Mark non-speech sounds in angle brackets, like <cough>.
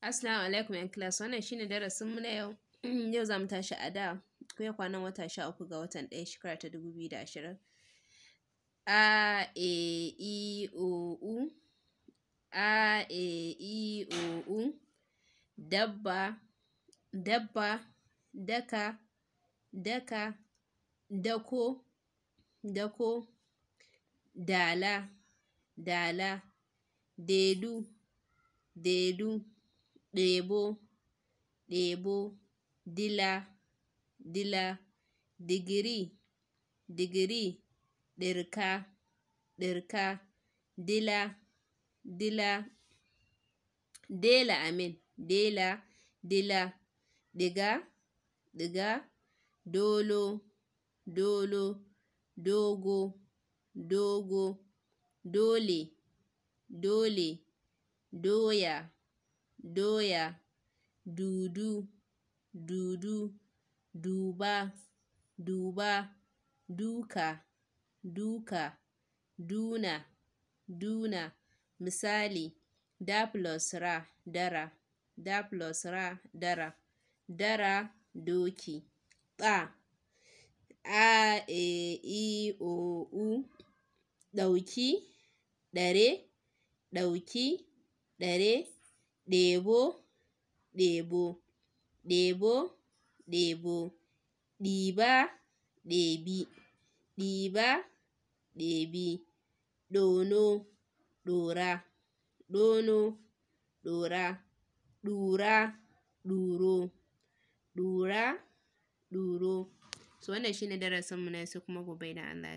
Assalamu alaikum ‘yan kilas wannan shine darasin mu na yau. <clears throat> yau za mu tashi a da kuya kwanan wata sha uku ga watan ɗaya shekara ta dubu biyu da ashirin. A E I O U A E I O U dabba dabba daka daka dako dako dala dala dedu dedu ɗebo, ɗebo, dila, dila, digiri, digiri, ɗirka, ɗirka, dila, dila, dela amin, dela, dila, ɗiga, ɗiga, dolo, dolo, dogo, dogo, dole, dole, doya, doya, dudu, dudu, duba, duba, duka, duka, duna, duna. Misali, da plus ra, dara, da plus ra, dara, dara, doki. ƙa, a, e, i, o, u. ɗauki, ɗare, ɗauki, ɗare. ɗebo, ɗebo, ɗebo, ɗebo, ɗiba, ɗebi, ɗiba, ɗebi, ɗono, ɗora, ɗono, ɗora, ɗura, ɗuro, ɗura, ɗuro. So wannan shine darasin mu na yau sai kuma gobe idan Allah ya